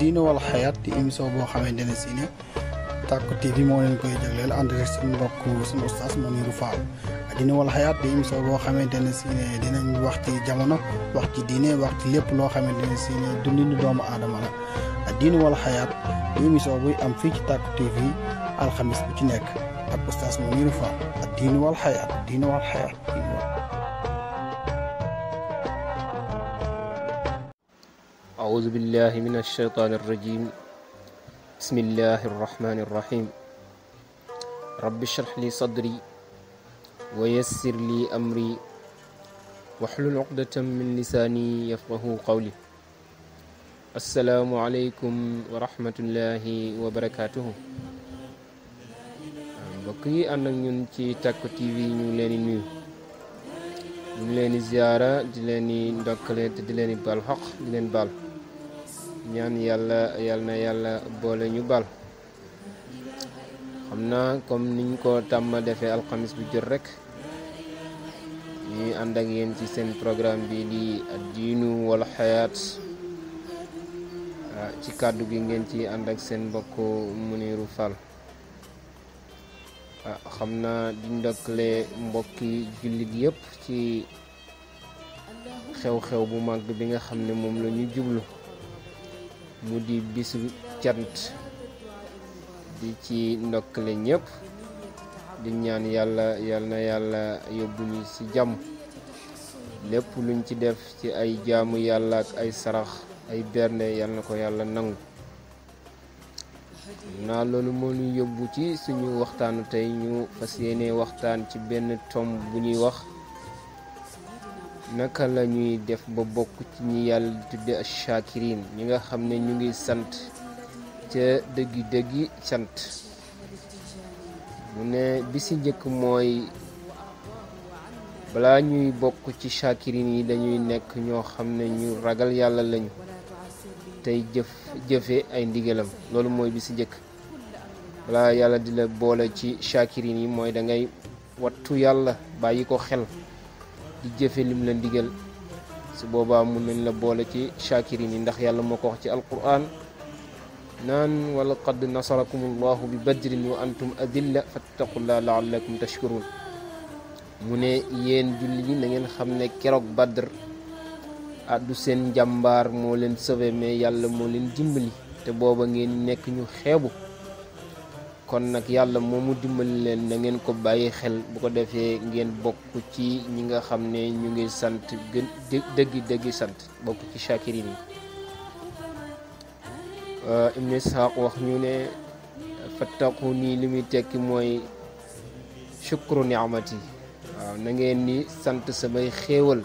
diine wal xayaat di émission boo xamante ne si ne Tacko TV moo leen koy jagleel ànd ak seen mbokk seen oustaz Mounirou Fall diine wal xayaat di émission boo xamante ne si ne dinañ wax ci jamono wax ci diine wax ci lépp loo xamante ne si ne doomu aadama la diine xayaat di émission buy am fii ci Tacko TV alxamis bu ci nekk ak oustaz Mounirou Fall ak diine xayaat diine xayaat أعوذ بالله من الشيطان الرجيم بسم الله الرحمن الرحيم رب اشرح لي صدري ويسر لي أمري واحلل عقدة من لساني يفقه قولي السلام عليكم ورحمة الله وبركاته mbokk yi ànd ak ñun ci Tacko TV ñu ngi leen di nuyu ñu ngi leen di ziyaara di leen di ndokkale te di leen di baal xaq di leen baal ñaan yàlla yal na yàlla boole ñu bal xam naa comme niñ ko tàmm defee alxamis bu jot rekk ñuy ànd ak yéen ci seen programme bi di diinu wal xayaat ah, ci kàddu gi ngeen ci ànd ak seen mbokk Muniru Fall ah, xam naa di ndokkale mbokki jullit yépp ci xew-xew bu mag bi nga xam ne moom lañuy jublu mu di bisu cant di ci ndokkale ñépp di ñaan yàlla yal na yàlla yóbbu ci jàmm lépp luñ ci def ci ay jaamu yàlla ak ay sarax ay berne yal na ko yàlla nangu naa loolu moo ñu yóbbu ci suñu waxtaanu tey ñu fas yéene waxtaan ci benn tom bu ñuy wax naka la ñuy def ba bokk ci ñi yàlla di tudde achakirin ñi nga xam ne ñu ngi sant ca dëggi dëggi sant mu ne bi si njëkk mooy balaa ñuy bokk ci chakirin yi dañuy nekk ñoo xam ne ñu ragal yàlla lañu tey jëf jëfe ay ndigalam loolu mooy bi si njëkk balaa yàlla di la boole ci chakirin yi mooy dangay ngay wattu yàlla bàyyi ko xel di jëfe lim la ndigal su boobaa mun nañ la boole ci shakirin yi ndax yàlla moo ko wax ci alquran naan wala qad nasarakum allahu bi badrin wa antum adilla fattaqullaa laallakum tashkurun mu ne yéen julli yi ngeen xam ne keroog badr ah du seen njàmbaar moo leen sauvé mais yàlla moo leen dimbali te booba ngeen nekk ñu xeebu kon nag yàlla moom mu dimbali leen na ngeen ko bàyyi xel bu ko defee ngeen bokk ci ñi nga xam ne ñu ngi sant gën dëggi dëggi sant bokk ci shakirin yi euh, Ibn Ishaq wax ñu ne fattaqu nii li muy tekki mooy shukru ni'amati waaw na ngeen ni sant samay xéewal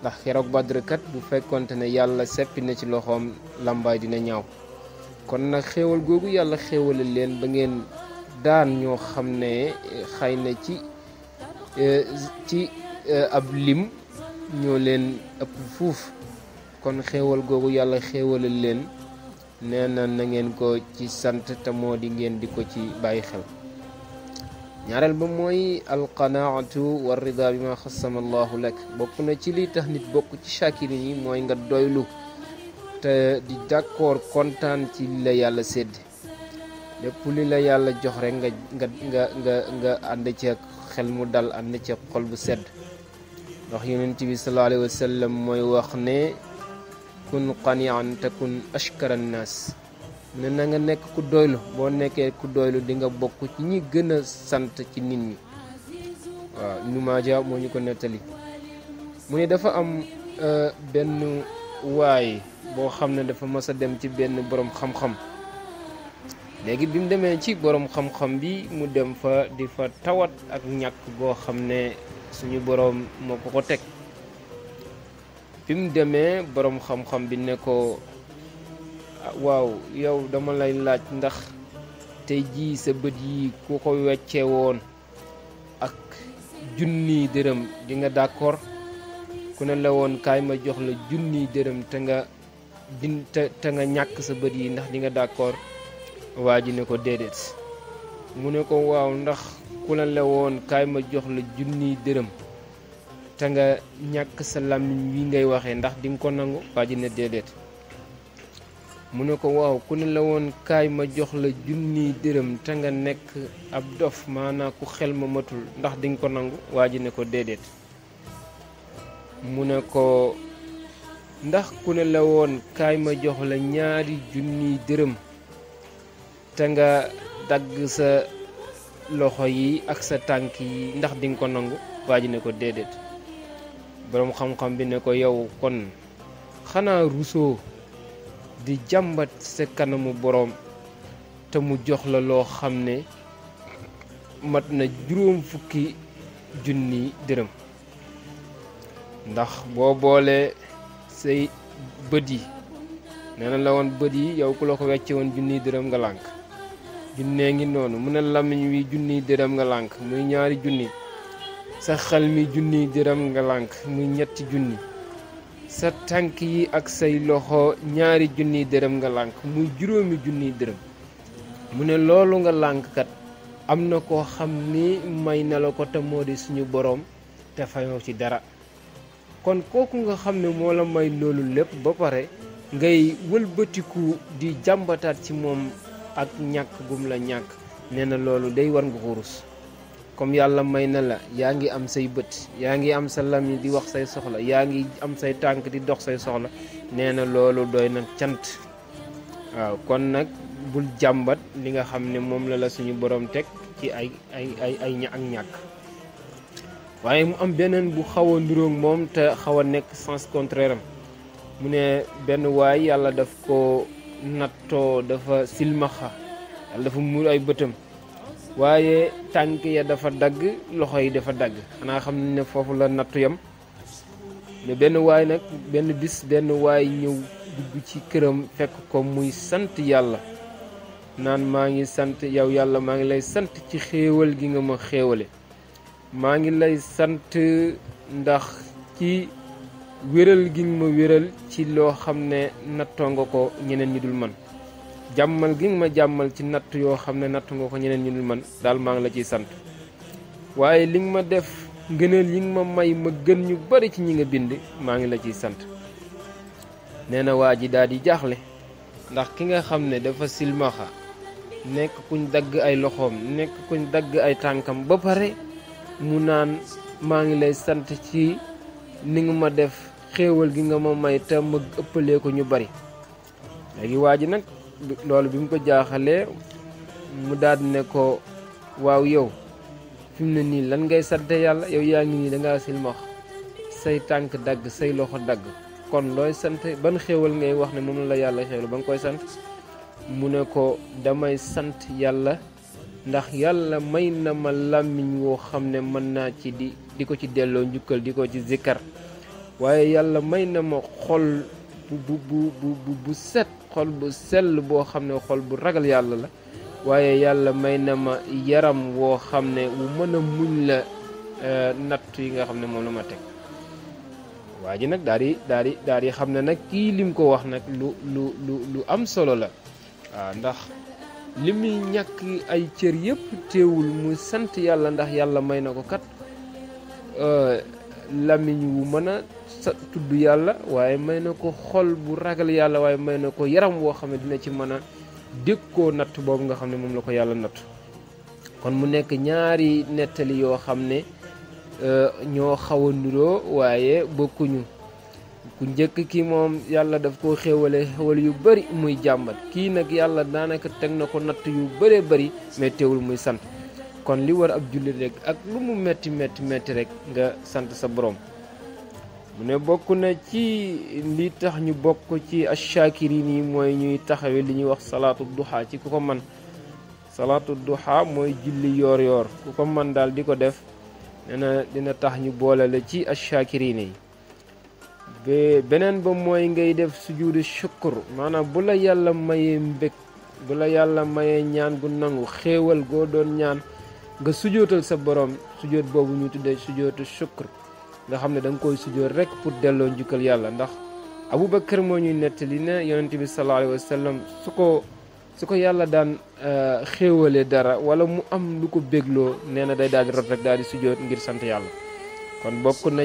ndax keroog Badr kat bu fekkonte ne yàlla seppi na ci loxoom làmbaay dina ñaaw kon nag xéewal googu yàlla xéewale leen ba ngeen daan ñoo xam ne eh, xay na ci eh, ci eh, ab lim ñoo leen ëpp fuuf kon xéewal googu yàlla xéewale leen nee na na ngeen ko ci sant te moo di ngeen di ko ci bàyyi xel ñaareel ba mooy alqanaatu wa rida bi ma xasama allahu lak bokk na ci li tax nit bokk ci shakirin yi mooy nga doylu te di dàkkoor kontaan ci li la yàlla sédd lépp li la yàlla jox rek nga nga nga nga ànd ci xel mu dal ànd ci xol bu sedd ndox yonent bi sallallahu alayhi mooy wax ne kun qani'an takun ashkara naas ne na nga nekk ku doylu boo nekkee ku doylu dinga bokk ci ñi gën a sant ci nit ñi waaw nu moo ñu ko nettali mu ne dafa am euh, benn waay boo xam ne dafa mës a dem ci benn boroom xam-xam léegi bi mu demee ci boroom xam-xam bi mu dem fa di fa tawat ak ñàkk goo xam ne suñu boroom moo ko ko teg bi mu demee boroom xam-xam bi ne ko ah, waaw yow dama lay laaj ndax tey ji sa bët yi ku ko weccee woon ak junni dërëm di nga d'accord ku ne la woon kaay ma jox la junniy dërëm te nga din te nga ñàkk sa bët yi ndax di nga d'accord waa ji ne ko déedéet mu ne ko waaw ndax ku la la woon kaay ma jox la junniy dërëm te nga ñàkk sa làmmiñ wi ngay waxee ndax dinga ko nangu waa ji ne déedéet mu ne ko waaw ku ne la woon kaay ma jox la junniy dërëm te nga nekk ab dof maanaa ku xel ma matul ndax dinga ko nangu waa ji ne ko déedéet mu ne ko ndax ku ne la woon kaay ma jox la ñaari junniy dërëm te nga dagg sa loxo yi ak sa tànk yi ndax dinga ko nangu waa ji ne ko déedéet boroom xam-xam bi ne ko yow kon xanaa rusoo di jàmbat sa kanamu boroom te mu jox la loo xam ne mat na juróom fukki junniy dërëm ndax boo boolee say bët yi nee na la woon bët yi yow ku la ko wecce woon junniy dërëm nga lànk junnee ngi noonu mu ne lamiñ wi junniy dërëm nga lànk muy ñaari junni sa xel junniy dërëm nga lànk muy ñetti junni sa tànk yi ak say loxo ñaari junniy dërëm nga lànk muy juróomi junniy dërëm mu ne loolu nga lànkkat am na ko xam ni may na la ko te moo suñu boroom te fayoo ci dara kon kooku nga xam ne moo la may loolu lépp ba pare ngay wëlbatiku di jàmbataat ci moom ak ñàkk gum la ñàkk nee na loolu day war nga ko comme yàlla may na la yaa ngi am say bët yaa ngi am sa lami di wax say soxla yaa ngi am say tànk di dox say soxla nee na loolu doy na cant waaw kon nag bul jàmbat li nga xam ne moom la la suñu borom teg ci ay ay ay ay ak ñàkk waaye mu am beneen bu xaw a nduróog moom te xaw a nekk sens contraire am mu ne benn waay yàlla daf ko nattoo dafa silmaxa yàlla dafa muur ay bëtam waaye tànk ya dafa dagg loxo yi dafa dagg xanaa xam ne foofu la nattu yam ne benn waay nag benn bis benn waay ñëw dugg ci këram fekk ko muy sant yàlla naan maa ngi sant yow yàlla maa ngi lay sant ci xéewal gi nga ma xéewale maa ngi lay sant ndax ci wéral gi nga ma wéral ci loo xam ne nattoo nga ko ñeneen ñi dul man jàmmal gi nga ma jàmmal ci natt yoo xam ne natt nga ko ñeneen ñi dul man daal maa ngi la ciy sant waaye li ma def ngëneel yi ma may ma gën ñu bari ci ñi nga bind maa ngi la ciy sant nee na waa ji daal di jaaxle ndax ki nga xam ne dafa silmaxa nekk kuñ dagg ay loxoom nekk kuñ dagg ay tànkam ba pare mu naan maa ngi lay sant ci ni nga ma def xéewal gi nga ma may te ma ëppalee ko ñu bari léegi waa ji nag loolu bi mu ko jaaxalee mu daal ne ko waaw yow fi mu ne nii lan ngay sante yàlla yow yaa ngi nii da silmax say tànk dagg say loxo dagg kon looy sant ban xewal ngay wax ne moom la yàlla xéewal ba nga koy sant mu ne ko damay sant yàlla ndax yàlla may na ma làmmiñ woo xam ne mën naa ci di di ko ci delloo njukkal di ko ci zikkar waaye yàlla may na ma xol bu bu bu bu set xol bu sell boo xam ne xol bu ragal yàlla la waaye yàlla may na ma yaram woo xam ne wu mën a muñ la e, natt yi nga xam ne moom la ma teg waa ji nag daal di daal di xam ne nag kii lim ko wax nag lu lu lu lu am solo la waaw ndax li muy ñàkk ay cër yëpp teewul mu sant yàlla ndax yàlla may na ko kat euh, lamiñ wu mën a sa tudd yàlla waaye may na ko xol bu ragal yàlla waaye may na ko yaram woo xam ne dina ci mën a dékkoo natt boobu nga xam ne moom la ko yàlla natt kon mu nekk ñaari nettali yoo xam ne euh, ñoo xaw a nuroo waaye bokkuñu ku njëkk ki moom yàlla daf koo xéewale xéewal yu bëri muy jàmbat kii nag yàlla daanaka teg na ko natt yu bëree bëri mais muy sant kon li war ab jullit rek ak lu mu metti metti metti rek nga sant sa borom. mu ne bokk na ci li tax ñu bokk ci ashakirin yi mooy ñuy taxawe li ñuy wax salaatu duha ci ku ko man salaatu duha mooy julli yoor yoor ku ko man daal di ko def nee na dina tax ñu boolale ci ashakirin yi beneen ba mooy ngay def sujuudu shukur maanaam bu la yàlla mayee mbég bu la yàlla mayee ñaan gu nangu xéewal goo doon ñaan nga sujootal sa borom sujoot boobu ñu tuddee sujootu shukur nga xam ne da nga koy sujoot rek pour delloo njukkal yàlla ndax abu Abubakar moo ñuy nettali ne yonent bi sallallahu alayhi wa su ko su ko yàlla daan euh, xéewalee dara wala mu am lu ko bégloo nee na day daal rot rek daal di sujoot ngir sant yàlla kon bokk na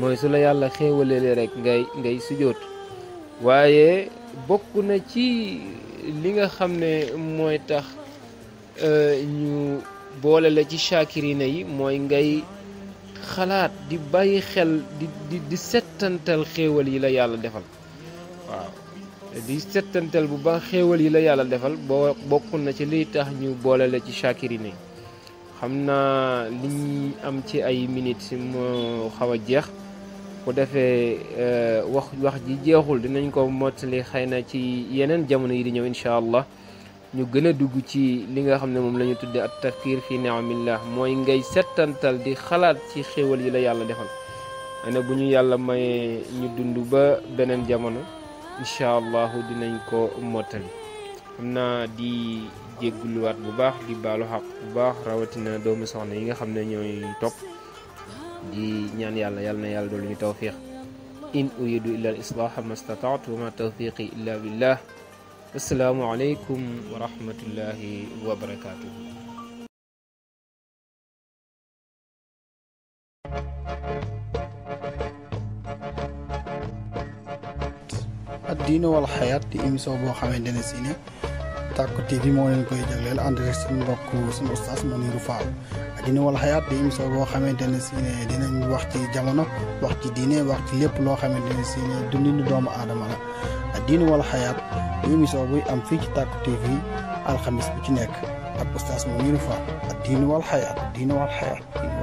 mooy su la yàlla xéewalee rek ngay ngay sujjóot waaye bokk na ci li nga xam ne mooy tax euh, ñu boole la ci shaakirina yi mooy ngay xalaat di bàyyi xel di di di settantal xéewal yi la yàlla defal waaw di settantal bu baax xéewal yi la yàlla defal boo bokk na ci liy tax ñu boole la ci shaakirina yi xam naa li ñu am ci ay minutes mu xaw a jeex bu defee euh, wax wax ji jeexul dinañ ko mottali xëy na ci yeneen jamono yi di ñëw incha allah ñu gën a dugg ci li nga xam ne moom la ñu tuddee at tafkir ne niamillah mooy ngay setantal di xalaat ci xéewal yi la yàlla defal ana bu ñu yàlla mayee ñu dund ba beneen jamono incha allahu dinañ ko mottali xam naa di jégguluwaat bu baax di baalu xaq bu baax rawatina doomu soxna yi nga xam ne ñooy topp di ñaan yàlla yàlla na yàlla doolu ñu tawfiq in uridu illa al islaha ma stataatu wa ma tawfiqi illa billah assalaamu aleykum wa rahmatullahi wa barakatuh ad diine wal xayaat di émission boo xamante ne si ne Tacko TV moo leen koy jagleel ànd rek suñu mbokk suñu oustaz Mounirou Fall Adina xayaat Hayaat di émission boo xamante ne si dinañu wax ci jamono wax ci diine wax ci lépp loo xamante ne si ne dundinu doomu aadama la Adina wal Hayaat di émission buy am fii ci Tacko TV alxamis bu ci nekk ak oustaz Mounirou Fall Adina wal Hayaat Adina wal